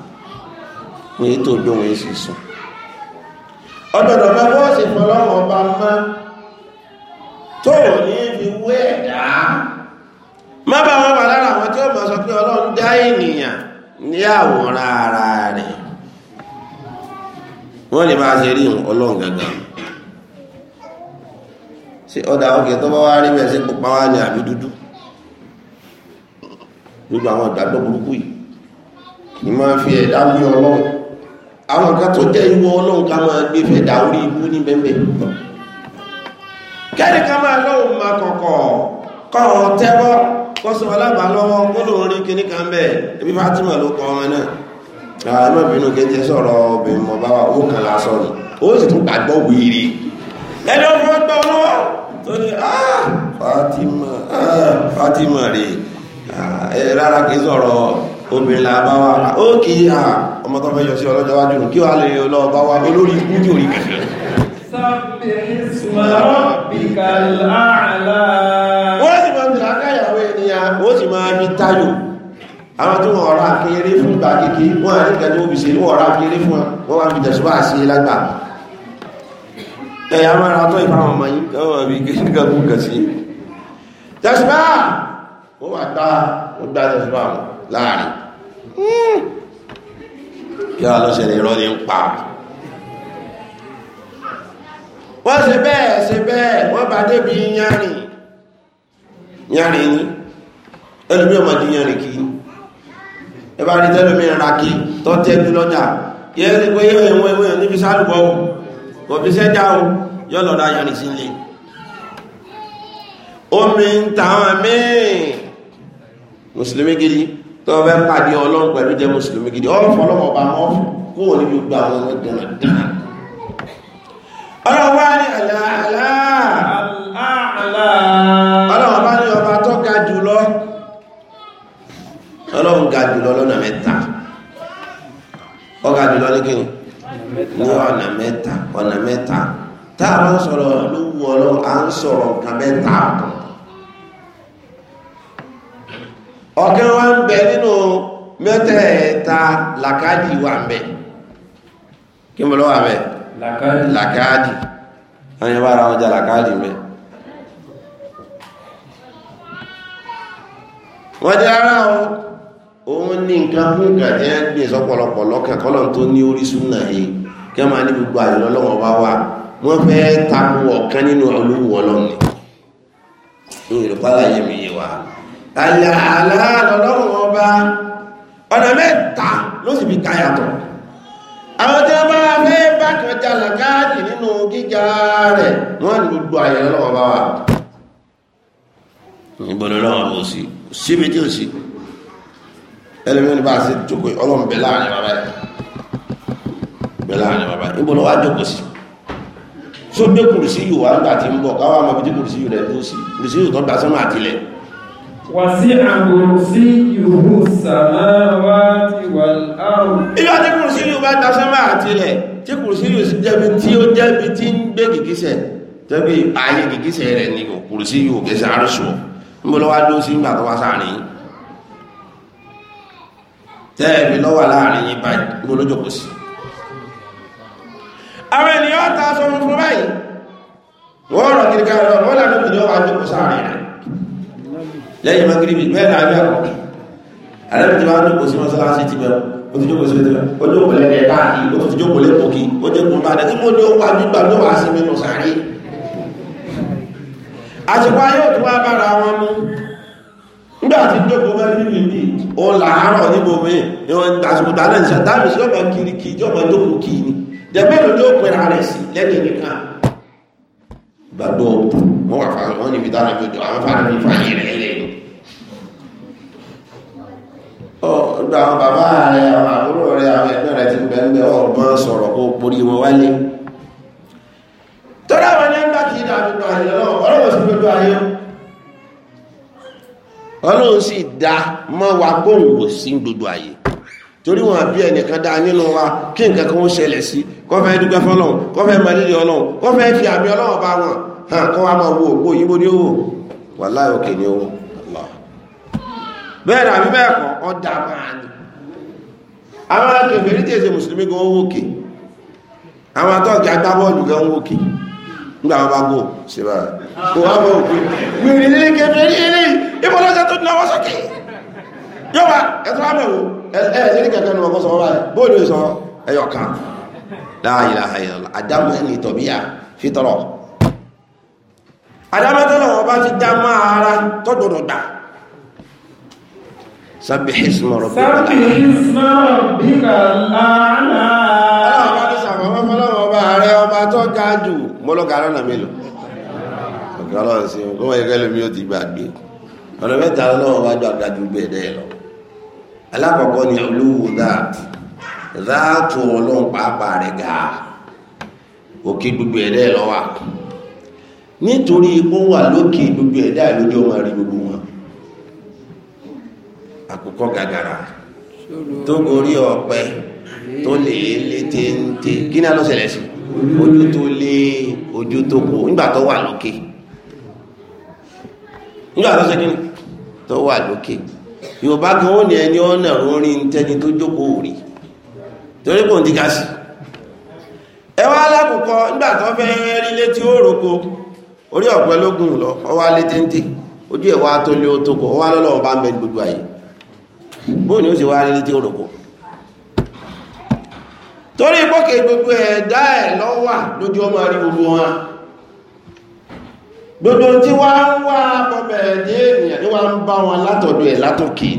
wọ́n èyí tó gbé wọ́n sì sùn ọdọ̀dọ̀ bá bọ́ sí fọlọ́run ọba mọ́ tó ní fi wé ẹ̀dá má bá wọn wà lára àwọn tí ó mọ̀ sọ pé ọlọ́run dá ènìyàn ní àwòrán ara rẹ̀ wọ́n lè bá ṣe rí ọlọ́run gangan sí ọ̀dà òkè tó bá wá rí bẹ́ẹ̀ sí pupa wá ní àbí dúdú gbogbo àwọn ìdájọ́ burúkú yìí ni máa fi ẹ̀dá wí ọlọ́run àwọn kan tó jẹ́ ìwọ ọlọ́run ká máa gbé fẹ̀dá orí ibú ní bẹ́ẹ̀ kẹ́ni ká máa lọ́hùn máa kọ̀kọ̀ kọ́ ọ tẹ́wọ́ kó sọ alábà lọ́wọ́ kó lòun rí kíní kan bẹ́ẹ̀ ebi Fatima ló kọ ọmọ náà àwọn ọmọbìnrin kejì sọ̀rọ̀ obìnrin mọ̀ bá wà ó kàn lásán ni ó sì tún gbàgbọ́ wíìrì ẹni ó gbọ́ ọlọ́wọ́ tó ní ah, Fatima ah, Fatima rè ah, ẹ rárá kì í sọ̀rọ̀ obìnrin la bá wà ó kì í à ọmọ tó fẹ́ yọ sí ọlọ́jọ́ wájú kí wàá lè lọ bá wa olórí ikú ní orí kẹfẹ́. sábẹ̀ ìsúmọ̀rọ̀ bìkàlá àlá. wọ́n sì máa ń tẹ̀lé akáyàwó ènìyàn ó sì máa fi tayò àwọn tí wọ́n ọ̀rá kéré fún ìgbà kékeré wọ́n àríkẹ́ tó fi ṣe wọ́n ọ̀rá kéré fún wọn wọ́n wá fi tẹ̀síwá sí lágbàá ẹ̀yà máa ra tọ́ ìfà àwọn ọmọ yìí káwọn àbí kíkàkú kàsí tẹ̀sùbá wọ́n wà gbá wọ́n gbá tẹ̀sùbá wọn láàrin hmm. kí wọ́n lọ ṣẹlẹ̀ irọ́ ní ń pa wọ́n ṣe bẹ́ẹ̀ ṣe bẹ́ẹ̀ wọ́n bá débi yánrin yánrin ni ẹlòmí ọmọ di yánrin kì ẹ bá rí tẹ́lómi ra kí tọ́tẹ́ bí lọ́jà yẹ́n ní pé yẹ́n ìwọ̀n ìwọ̀n níbi sálùbọ̀ kò fi sẹ́jà o yọ lọ ra yàrá omi ń tàwọn míì mùsùlùmí gidi tó o fẹ́ pàdé ọlọ́run pẹ̀lú jẹ́ mùsùlùmí gidi ọ̀rọ̀ fọlọ́mọ̀ bá wọn kó o ní àlàálà ọlọ́run bá ní ọlọ́run ga jùlọ lọ́nà mẹ́ta ọ̀gá jùlọ ní kíni ní ọ̀nà mẹ́ta ọ̀nà mẹ́ta tá a bá ń sọ̀rọ̀ ló wù ọ lọ à ń sọ̀rọ̀ nǹkan mẹ́ta ọ̀tọ̀ ọ̀kan wa ń bẹ nínú mẹ́tẹ̀ẹ̀ta làkàdì wà ń bẹ kí n bọ̀ lọ́wọ́ àbẹ̀ làkàdì àwọn wọn jà làkàdì mẹ́ wọ́n jẹ́ ara wọn òun ní nǹkan fún ìgbà tí gbé sọ́pọ̀lọpọ̀ lọ́kàn tó ní orí súnà yìí kí wọ́n máa ní gbogbo àyọ̀lọ́ lọ́wọ́ bá wà wọ́n fẹ́ takò ọ̀kan nínú olówó ọlọ́run ní yorùbá láyé mi yé wa àyà aláàlọ́lọ́run ọba ọ̀nà mẹ́ta ló sì fi káyàtọ̀ àwọn tí wọ́n bá fẹ́ bá kan jalà káàdì nínú gíga rẹ̀ wọ́n ní gbogbo àyọ̀lọ́ lọ́wọ́ bá wà ìbọ̀lọ́ lọ́wọ́ bó sí síbi tí ó sí ẹlẹ́mìí ní bá a ṣe jókòó ọlọ́run bẹ̀ bẹ̀rẹ̀ láàrin bàbá níbo ló wá jókòó sí tó gbé kùrùsí yìí wà nígbà tí ń bọ̀ káwá mọ̀ bí kùrùsí yìí rẹ̀ tó sí kùrùsí yìí tó gba sọ́mọ́ àtìlẹ̀. wà sí àkùrùsí ìhù sàmáwá ti wà láàrùn. nígbà tí kùrùsí yìí bá gba sọ́mọ́ àtìlẹ̀ tí kùrùsí yìí jẹ́bi tí ó jẹ́bi tí ń gbé gìgísẹ̀ tẹ́bi ayé gìgísẹ̀ rẹ̀ ni kùrùsí yìí kẹsẹ̀ àrùsùn níbo ló sí nígbà tó wá sáàrin tẹ́ẹ̀mí lọ́wọ́ láàrin yìí báyìí níbo ló àwọn ènìyàn ta aṣọ fún báyìí wọ́n rọ̀ kiri káàrọ̀ wọ́n lànà ìjọ àjọkù sáàrin rẹ̀ lẹ́yìn magiribi bẹ́ẹ̀ náà bẹ́ẹ̀ kọ́ alẹ́bìtì wọn lóko sí mọ́sálásí ti bẹ̀rù ó ti jókòó sí ti bẹ̀rù ó jókòó lẹ́yìn káàkiri ó ti jókòó lẹ́kọ̀ọ́ kí ó jẹ́ kún bàdẹ́ kí mo ní ó wà nígbà ló wà sí mímú sáàrin àsìkò ayé òtún wá bára wọn mú nígbà tí jókòó bá ní ìlú òun làárọ̀ níbo mi ìwọ̀n àsìkò tààlẹ̀ ìṣàtàmì sí ọmọ kiri kí ìjọba jókòó kí ni jẹ́mẹ́ ló ló pẹ̀lú ààrẹ sí lẹ́yìn nìkan gbàgbọ́ wọ́n wà fàáyé wọ́n ní fi dára jòjò àwọn fàáyé ní fàáyé rẹ̀ lẹ́yìn ọ̀dọ̀ àwọn bàbá rẹ̀ àwọn àbúrò rẹ̀ àwọn ẹgbẹ́ rẹ̀ ti bẹ̀rẹ̀ ọ̀gbọ́n sọ̀rọ̀ kó borí wọn wálé tọ́lá wọn ní bá kìí dàbí pàdé lọ́wọ́ ọlọ́wọ́ sí gbogbo ayé ọlọ́run sì dá mọ́ wa gbóhùn sí gbogbo ayé torí wọn bí ẹnìkan dá nínú wa kí nǹkan kan ó ṣẹlẹ̀ sí kọ́ fẹ́ dúpẹ́ fọ́lọ́run kọ́ ọlọ́run fi àmì ọlọ́run bá wọn hàn kọ́ wa máa wo òpó ní owó wà láì òkè ní owó bẹ́ẹ̀ àbí bẹ́ẹ̀ kọ́ ọ̀dà máa ní àwọn mùsùlùmí gan àwọn agbábọ́ọ̀lù gan nígbà wọn bá ṣe bá kò wá bọ̀ mìíràn ilé kẹfẹ́ tó sókè yóò ẹ̀ẹ́sìrí kẹ̀kẹ́ ní ọkọ̀ sọmọ́ báyìí bóòlù ìsọ ẹyọkan la ilaha illallah àdámọ́ ẹni tọ̀bíyà fítọ́rọ̀ àdámọ́tọ́lọ̀ ọba ti dá máa ara tọ́dọ̀dọ̀ gbà sabbih isma rabbika sabbih isma rabbika al-a'la ọlọ́ọ̀bá ti sàmọ́mọ́ fọ́lọ́wọ́ ọba ààrẹ ọba tó ga jù mọ́lọ́gà lọ́nà mélòó ọ̀gá ọlọ́run sí ọkọ̀ ẹgẹ́lẹ́mí ó ti gbàgbé ọ̀nà mẹ́ta lọ́wọ́ ọba jọ àgbàjú gbẹ̀ẹ́dẹ́ lọ alákọ̀ọ́kọ́ ni olówó dáa dáàtò ọlọ́run pàápàá rẹ̀ ga òkè gbogbo ẹ̀dá ẹ̀ lọ́wà nítorí ipò wà lókè gbogbo ẹ̀dá ẹ̀ lójú ọmọ rí gbogbo wọn àkókò gàgàrà tó gorí ọ̀pẹ tó lè lé téńté kí ni a lọ ṣẹlẹ̀ sí ojú tó lé ojú tó kù nígbà tó wà lókè nígbà tó ṣe kí ni tó wà lókè. Okay yorùbá kan ó ní ẹni ọ̀nà orí tẹni tó jókòó rí torí kò ń di gasi ẹ wá alákòókò fẹ́ rí ó roko orí lọ ọwá létéńté ojú ẹ̀ tó lé ó tókò ọwá lọ́lọ́wọ́ bá ń bẹ gbogbo ayé bóò ni ó sì wá rí ó gbogbo tí wá ń wá bọ̀bẹ̀ ní ènìyàn ní wá ń bá wọn látọ̀dọ̀ ẹ̀ látòkè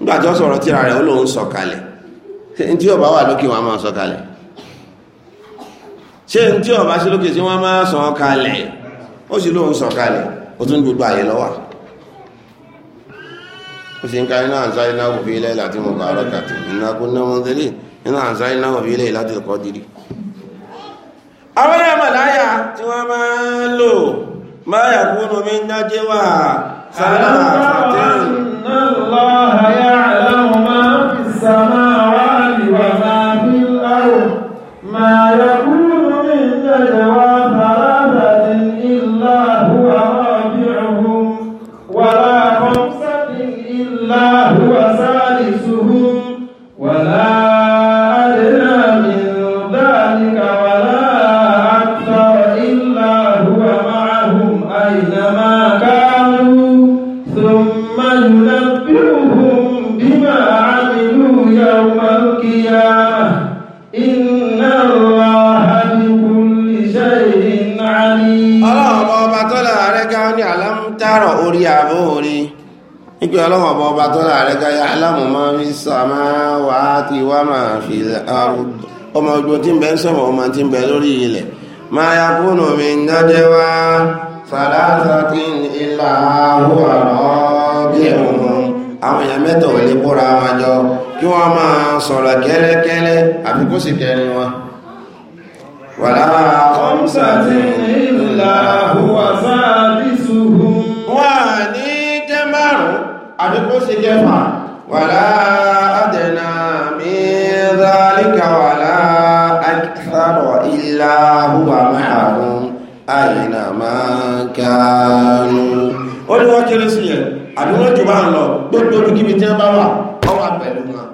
nígbàjọ́ sọ̀rọ̀ tíra rẹ̀ ó lóun sọ̀kalẹ̀ tí ọba wà lókè wọn máa sọ̀kalẹ̀ ṣe tí ọba sí lókè tí wọ́n máa sọ̀kalẹ̀ ó sì lóun sọ̀kalẹ̀ ó tún gbogbo àyè lọ́wà ó sì ń ka iná àǹsá iná òfin ilẹ̀ láti àwọn náà mọ̀ láyà tí wọ́n máa ń lò máa yà kúnnù mi ń dájé wà sára àfàtẹ́rù àrọ̀ orí àbó orí nígbà ọlọ́wọ̀n bọ́ ọba tọ́lá rẹ̀ gáyà alámọ̀mọ́ fi sàmá wà á ti wá máa fi àrùn ọmọ ojú tí ń bẹ ń sọ̀rọ̀ ọmọ tí ń bẹ lórí ilẹ̀ máa ya kúrò mi nájẹ́ wá sàlásàkín ilà àwọ̀ àrọ̀ bí ẹ̀wọ̀n àwọn èèyàn mẹ́tọ̀ ò lè kóra wọn jọ kí wọ́n máa sọ̀rọ̀ kẹ́lẹ́kẹ́lẹ́ àfi kó sì kẹ́ni wọn. wàlá kọ́msàtì ilà àwọ̀ sáà àdúgbò ṣe kẹfà wàlá àdẹ̀nà mìíràlíkà wàlá àkìsàrọ̀ ilá búwa márùn àyìnà máa kánú ó ní wọ́n kéré sí yẹn àdúgbò jù bá ń lọ gbogbo gbogbo tí wọ́n bá wà pẹ̀lú wọn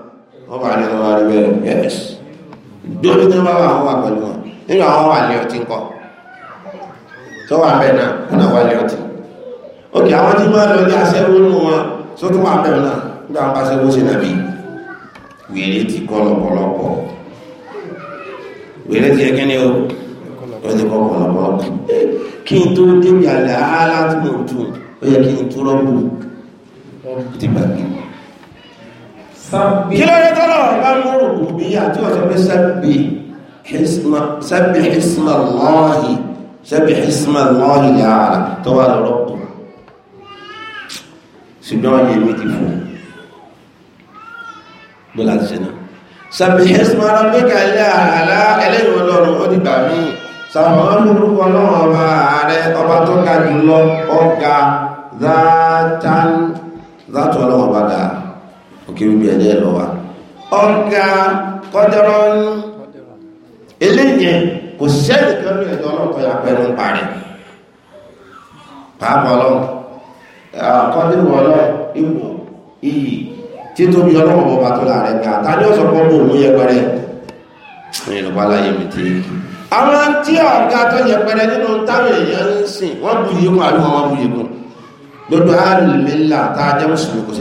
tó wà bẹ́ẹ̀ náà wà lé ọtí òkè àwọn tí wọ́n lọ ní aṣẹ́wó nù wọn só tó máa bẹ̀rẹ̀ náà nígbà wọn bá ṣe bó ṣe nàbí wèrè ti kọ́ lọ́pọ̀lọpọ̀ wèrè ti ẹkẹ́ ni ó ó ti kọ́ lọ́pọ̀lọpọ̀ kí n tó débi àlẹ́ ààlá tí mo dùn ó yẹ kí n tó rọ́pò ti gbàgbé kí ló yẹ tọ́lọ̀ bá ń rò kò bí àti ọ̀sẹ̀ pé sábì hisma sábì hisma lọ́ọ̀hì sábì hisma lọ́ọ̀hì yàrá tó wà lọ́rọ̀ ṣùgbọ́n èmi ti fún bọ́lá ti ṣe náà sàbíhẹ́sìmọ́ arábẹ́kà ilẹ̀ àlá ẹlẹ́yìn ọlọ́run ó dìgbà míì sàmọ́n lórúkọ ọlọ́run ọba ààrẹ ọba tó ga jùlọ ọ̀gá zátán zátọ̀ ọlọ́run ọba dà òkè wípé ẹ̀dẹ́ lọ wa ọ̀gá kọ́dọ̀rọ̀n eléyìí kò sẹ́ẹ̀dì kan ní ẹ̀dọ́ ọlọ́run tó yà pẹ́ẹ́nu parí pàápàá ọlọ́run àkọ́dínwó ọlọ́run ipò iyì títóbi ọlọ́run ọba tó láàrẹ̀ ga tàbí ọ̀sọ̀ pọ̀ mọ́ òun yẹpẹrẹ ní ìlú báláyé mi ti àwọn tí ọ̀gá tó yẹpẹrẹ nínú táwọn èèyàn ń sìn wọ́n bu yìí kún àbí wọ́n bu yìí kún gbogbo alìmílà tá a jẹ́ mùsùlùmí kò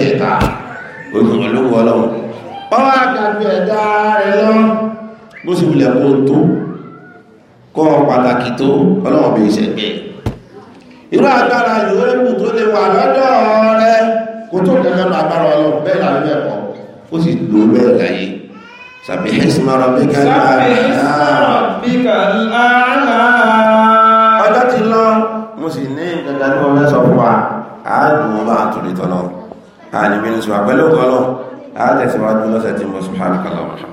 sí olùwọ̀n ló wọ́ lọ́wọ́ ọwọ́ àkàjú ẹ̀dá rẹ̀ lọ bó sì wulẹ̀ kó tó kọ́ pàtàkì tó ọlọ́wọ́n bí ìṣẹ̀gbẹ́ irú agbára yòókù tó lè wà lọ́dọ̀ rẹ kó tó kẹ́kẹ́ lọ agbára ọlọ́run bẹ́ẹ̀ làwọn bẹ́ẹ̀ kọ́ ó sì lò bẹ́ẹ̀ láyé sàbí hẹ́sìmọ́rọ̀ bí kẹ́kẹ́ ọjọ́ ti àníbínú sọ àpẹẹlú ọgọ́lọ́ àátẹ̀síwájú lọ́sẹ̀ tí mo sùn hàn kọlọ̀